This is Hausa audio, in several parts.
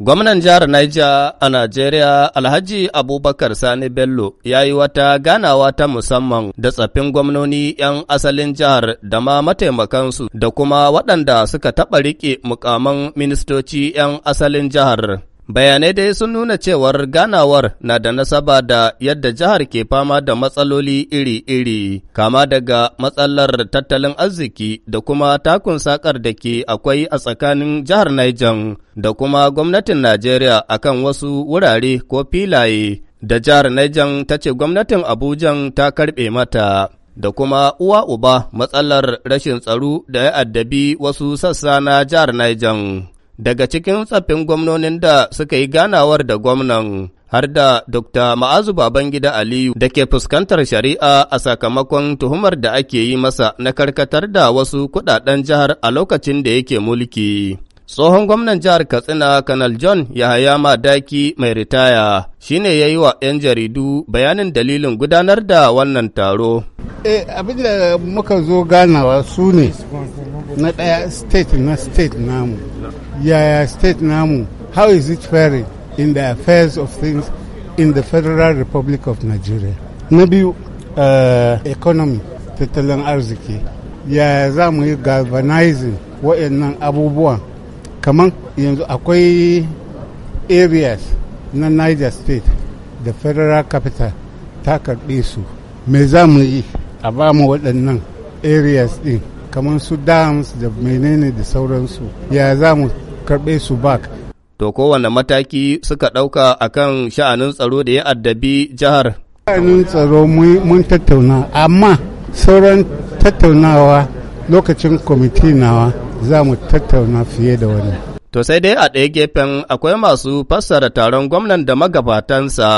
Gwamnan jihar Niger a Najeriya Alhaji Abubakar Sani Bello ya yi wata ganawa ta musamman da tsaffin gwamnoni 'yan asalin jihar da ma mataimakansu da kuma waɗanda suka taɓa riƙe mukaman ministoci 'yan asalin jihar. Bayanai dai sun nuna cewar ganawar na da nasaba da yadda jihar ke fama da matsaloli iri-iri, kama daga matsalar tattalin arziki da kuma takun sakar da ke akwai a tsakanin jihar Niger da kuma gwamnatin Najeriya akan wasu wurare ko filaye da jihar Niger ta ce gwamnatin Abuja ta karɓe mata. da kuma uwa uba matsalar rashin tsaro da ya addabi wasu sassa na jihar Niger. daga cikin tsaffin gwamnonin da suka yi ganawar da gwamnan har da Dr. Ma'azu Babangida Aliyu da ke fuskantar shari'a a sakamakon tuhumar da ake yi masa na karkatar da wasu kudaden jihar a lokacin da yake mulki. Tsohon gwamnan jihar Katsina Kanal John Yahaya Madaki mai ritaya shine ne ya yi wa 'yan jaridu bayanin dalilin gudanar da wannan taro. Eh, abin da muka zo ganawa su na ɗaya state na state namu. yaya state namu how is it faring in the affairs of things in the federal republic of nigeria na biyu uh, economy tattalin arziki yaya za mu yi galvanizing waɗannan abubuwan kamar yanzu akwai areas na niger state da federal capital ta karɓe su me za mu yi a ba mu waɗannan areas ɗin kamar su dams da menene da sauransu ya za mu karɓe su bak. To kowane mataki suka ɗauka kan sha'anin tsaro da ya addabi jihar. Sha'anin tsaro mun tattauna amma sauran tattaunawa lokacin kwamiti nawa za mu tattauna fiye da wani. To sai dai a ɗaya gefen akwai masu fassara taron gwamnan da magabatansa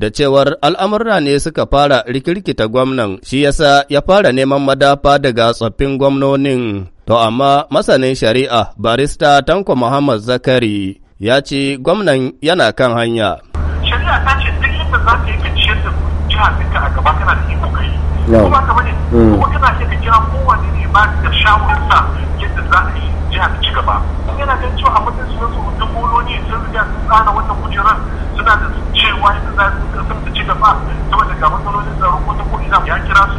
da cewar al'amurra ne suka fara rikirkita gwamnan shi yasa ya fara neman madafa daga tsoffin gwamnonin. To amma masanin shari'a barista Tanko Muhammad Zakari ya ce gwamnan yana kan hanya. Shari'a ta ce duk yadda za ta yi ka ciyar da jihar duka a gaba kana da iko kai. Kuma ka bane hmm. kuma kana ce ka kira kowane ne ba da shawararsa yadda za a yi jihar ci gaba. Kuma Yana ganin cewa a matsayin su yanzu, su mutum boloni sun riga sun tsara wannan kujerar suna da cewa yadda za su ci gaba saboda ga matsalolin tsaro ko ta ko ina ya kira su